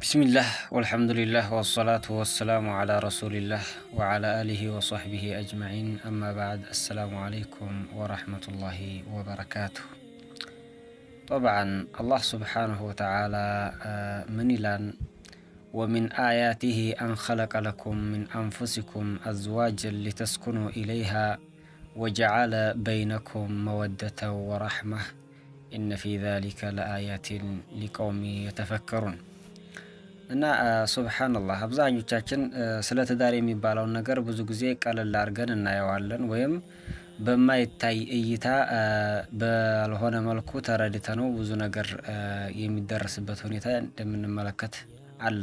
بسم الله والحمد لله والصلاة والسلام على رسول الله وعلى آله وصحبه أجمعين أما بعد السلام عليكم ورحمة الله وبركاته طبعا الله سبحانه وتعالى من لان ومن آياته أن خلق لكم من أنفسكم أزواجا لتسكنوا إليها وجعل بينكم مودة ورحمة إن في ذلك لآيات لقوم يتفكرون እና ሱብሃነላህ አብዛኞቻችን ስለ ትዳር የሚባለውን ነገር ብዙ ጊዜ ቀለል አድርገን እናየዋለን ወይም በማይታይ እይታ ባልሆነ መልኩ ተረድተ ነው ብዙ ነገር የሚደረስበት ሁኔታ እንደምንመለከት አለ።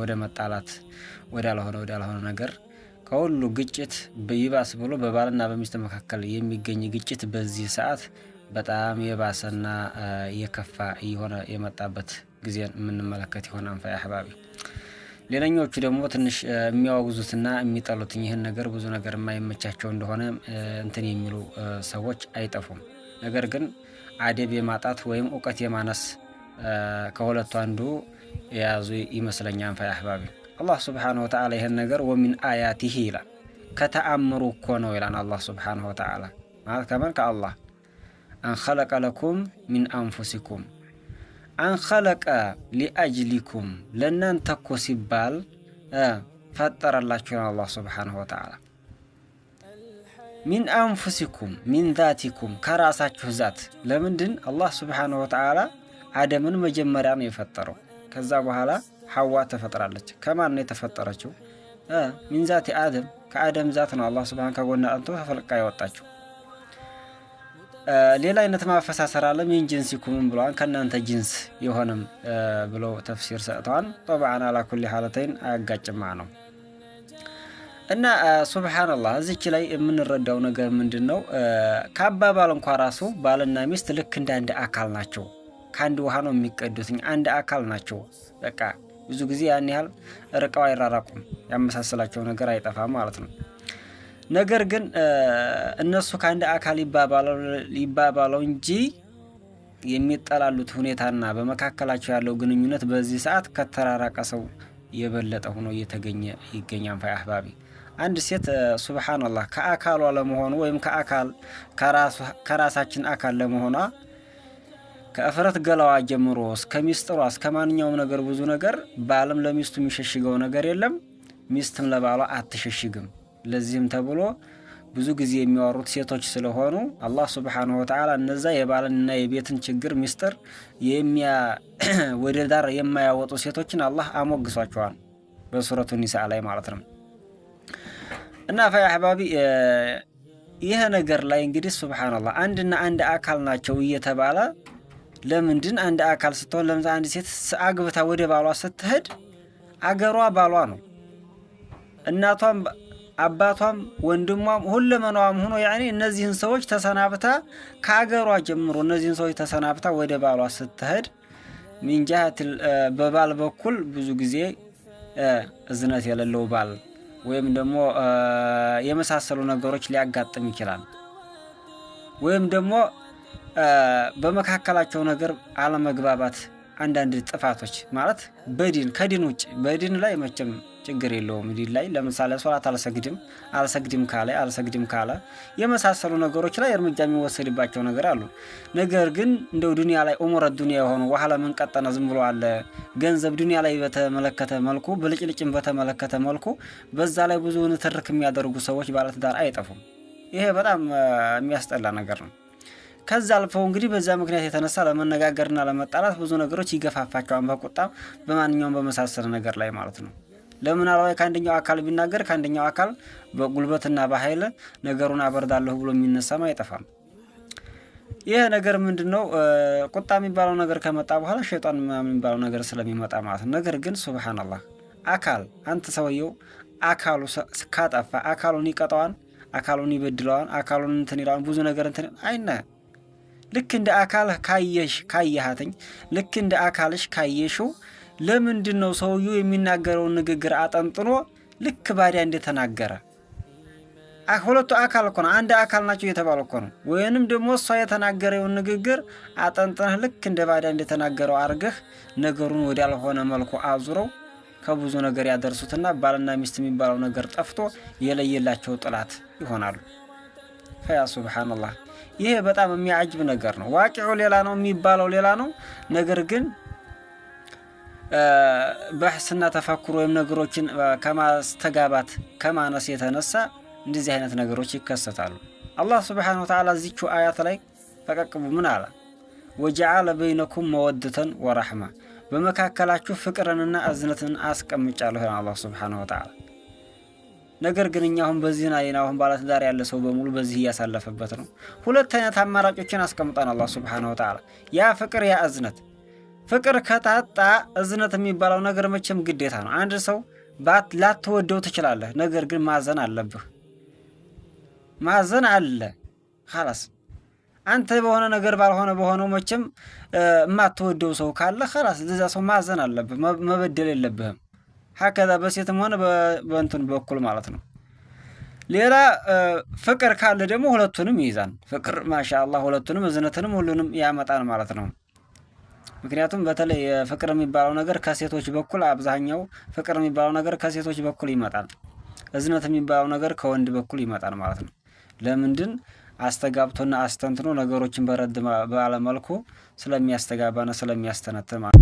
ወደ መጣላት ወዳልሆነ ወዳልሆነ ነገር ከሁሉ ግጭት ይባስ ብሎ በባልና በሚስት መካከል የሚገኝ ግጭት በዚህ ሰዓት በጣም የባሰና የከፋ እየሆነ የመጣበት ጊዜን የምንመለከት የሆነ አንፋይ አህባቢ ሌላኛዎቹ ደግሞ ትንሽ የሚያወግዙትና የሚጠሉት ይህን ነገር ብዙ ነገር የማይመቻቸው እንደሆነ እንትን የሚሉ ሰዎች አይጠፉም። ነገር ግን አደብ የማጣት ወይም እውቀት የማነስ ከሁለቱ አንዱ የያዙ ይመስለኛል። አንፋይ አህባቢ አላህ ስብሓነሁ ወተዓላ ይህን ነገር ወሚን አያቲሂ ይላል። ከተአምሩ እኮ ነው ይላል አላህ ስብሓነሁ ወተዓላ ማለት ከመን ከአላህ አንኸለቀ ለኩም ሚን አንፉሲኩም አንኸለቀ ሊአጅሊኩም ለእናንተ እኮ ሲባል ፈጠረላችሁን አላህ ሱብሓነሁ ወተዓላ። ሚን አንፉሲኩም ሚን ዛቲኩም ከራሳችሁ ዛት። ለምንድን አላህ ሱብሓነሁ ወተዓላ አደምን መጀመሪያ ነው የፈጠረው። ከዛ በኋላ ሐዋ ተፈጥራለች። ከማን ነው የተፈጠረችው? ሚን ዛቲ አደም ከአደም ዛት ነው አላህ ስብሓን ከጎና አንቶ ተፈልቃ ያወጣችሁ ሌላ አይነት ማፈሳሰር አለም ይህን ጅንስ ይኩምም ብለዋል። ከእናንተ ጅንስ የሆንም ብለው ተፍሲር ሰጥተዋል። ጠብዓን አላኩል ሓለተይን አያጋጭማ ነው እና ሱብሓነላህ እዚች ላይ የምንረዳው ነገር ምንድን ነው? ከአባባል እንኳ ራሱ ባልና ሚስት ልክ እንደ አንድ አካል ናቸው። ከአንድ ውሃ ነው የሚቀዱት አንድ አካል ናቸው። በቃ ብዙ ጊዜ ያን ያህል ርቀው አይራራቁም፣ ያመሳሰላቸው ነገር አይጠፋም ማለት ነው። ነገር ግን እነሱ ከአንድ አካል ይባባለው እንጂ የሚጠላሉት ሁኔታና በመካከላቸው ያለው ግንኙነት በዚህ ሰዓት ከተራራቀ ሰው የበለጠ ሆኖ እየተገኘ ይገኛል። ፋይ አህባቢ አንድ ሴት ሱብሓነላህ ከአካሏ ለመሆኑ ወይም ከአካል ከራሳችን አካል ለመሆኗ ከእፍረት ገላዋ ጀምሮ እስከ ሚስጥሯ እስከ ማንኛውም ነገር ብዙ ነገር ባልም ለሚስቱ የሚሸሽገው ነገር የለም፣ ሚስትም ለባሏ አትሸሽግም። ለዚህም ተብሎ ብዙ ጊዜ የሚያወሩት ሴቶች ስለሆኑ አላህ ሱብሓነሁ ወተዓላ እነዛ የባልንና የቤትን ችግር ሚስጥር ወደ ዳር የማያወጡ ሴቶችን አላህ አሞግሷቸዋል በሱረቱ ኒሳ ላይ ማለት ነው። እና ፈያ አሕባቢ ይህ ነገር ላይ እንግዲህ ሱብሓነላህ አንድና አንድ አካል ናቸው እየተባለ ለምንድን አንድ አካል ስትሆን ለምዛ አንድ ሴት አግብታ ወደ ባሏ ስትሄድ አገሯ ባሏ ነው እናቷም አባቷም ወንድሟም ሁለመናዋም ሆኖ ያኔ እነዚህን ሰዎች ተሰናብታ ከአገሯ ጀምሮ እነዚህን ሰዎች ተሰናብታ ወደ ባሏ ስትሄድ ሚንጃት በባል በኩል ብዙ ጊዜ እዝነት የሌለው ባል ወይም ደግሞ የመሳሰሉ ነገሮች ሊያጋጥም ይችላል። ወይም ደግሞ በመካከላቸው ነገር አለመግባባት፣ አንዳንድ ጥፋቶች ማለት በዲን ከዲን ውጭ በዲን ላይ መቼም ችግር የለውም። ዲን ላይ ለምሳሌ ሶላት አልሰግድም አልሰግድም ካለ አልሰግድም ካለ የመሳሰሉ ነገሮች ላይ እርምጃ የሚወሰድባቸው ነገር አሉ። ነገር ግን እንደው ዱኒያ ላይ ኦሞረ ዱኒያ የሆኑ ዋህላ መንቀጠነ ዝም ብሎ አለ ገንዘብ ዱኒያ ላይ በተመለከተ መልኩ ብልጭልጭን በተመለከተ መልኩ በዛ ላይ ብዙ ንትርክ የሚያደርጉ ሰዎች ባለትዳር አይጠፉም። ይሄ በጣም የሚያስጠላ ነገር ነው። ከዛ አልፈው እንግዲህ በዛ ምክንያት የተነሳ ለመነጋገርና ለመጣላት ብዙ ነገሮች ይገፋፋቸዋል። በቁጣም በማንኛውም በመሳሰል ነገር ላይ ማለት ነው። ለምናልባት ከአንደኛው አካል ቢናገር ከአንደኛው አካል በጉልበትና በኃይል ነገሩን አበርዳለሁ ብሎ የሚነሳም አይጠፋም። ይህ ነገር ምንድን ነው? ቁጣ የሚባለው ነገር ከመጣ በኋላ ሸይጣን የሚባለው ነገር ስለሚመጣ ማለት ነው። ነገር ግን ሱብሃነላህ አካል አንተ ሰውየው አካሉ ካጠፋ አካሉን ይቀጠዋል፣ አካሉን ይበድለዋል፣ አካሉን እንትን ይለዋል። ብዙ ነገር እንትን አይነ ልክ እንደ አካል ካየሽ ካየሃትኝ ልክ እንደ አካልሽ ካየሽው ለምንድን ነው ሰውየው የሚናገረውን ንግግር አጠንጥኖ ልክ ባዲያ እንደተናገረ ሁለቱ አካል እኮ ነው፣ አንድ አካል ናቸው እየተባለ እኮ ነው። ወይንም ደግሞ እሷ የተናገረውን ንግግር አጠንጥነህ ልክ እንደ ባዳ እንደተናገረው አድርገህ ነገሩን ወዳልሆነ መልኩ አዙረው ከብዙ ነገር ያደርሱትና ባልና ሚስት የሚባለው ነገር ጠፍቶ የለየላቸው ጥላት ይሆናሉ። ፈያ ሱብሓነላህ፣ ይሄ በጣም የሚያጅብ ነገር ነው። ዋቂዑ ሌላ ነው፣ የሚባለው ሌላ ነው። ነገር ግን በህስና ተፈኩር ወይም ነገሮችን ከማስተጋባት ከማነስ የተነሳ እንደዚህ አይነት ነገሮች ይከሰታሉ። አላህ ስብሓነሁ ወተዓላ እዚቹ አያት ላይ ፈቀቅቡ ምን አለ? ወጀዓለ በይነኩም መወድተን ወረሕማ በመካከላችሁ ፍቅርንና እዝነትን አስቀምጫለሁ ይላል አላህ ስብሓነሁ ወተዓላ። ነገር ግን እኛ አሁን በዚህ ናይን አሁን ባለትዳር ያለ ሰው በሙሉ በዚህ እያሳለፈበት ነው። ሁለት አይነት አማራጮችን አስቀምጠን አላህ ስብሓነሁ ወተዓላ ያ ፍቅር ያ እዝነት ፍቅር ከታጣ እዝነት የሚባለው ነገር መቼም ግዴታ ነው። አንድ ሰው ላትወደው ትችላለህ፣ ነገር ግን ማዘን አለብህ። ማዘን አለ ላስ አንተ በሆነ ነገር ባልሆነ በሆነው መቼም የማትወደው ሰው ካለ ላስ ለዛ ሰው ማዘን አለብህ። መበደል የለብህም። ሀከዛ በሴትም ሆነ በእንትን በኩል ማለት ነው። ሌላ ፍቅር ካለ ደግሞ ሁለቱንም ይይዛል። ፍቅር ማሻ አላህ ሁለቱንም እዝነትንም ሁሉንም ያመጣል ማለት ነው። ምክንያቱም በተለይ ፍቅር የሚባለው ነገር ከሴቶች በኩል አብዛኛው ፍቅር የሚባለው ነገር ከሴቶች በኩል ይመጣል። እዝነት የሚባለው ነገር ከወንድ በኩል ይመጣል ማለት ነው። ለምንድን አስተጋብቶና አስተንትኖ ነገሮችን በረድ ባለመልኩ ስለሚያስተጋባና ስለሚያስተነትን ማለት ነው።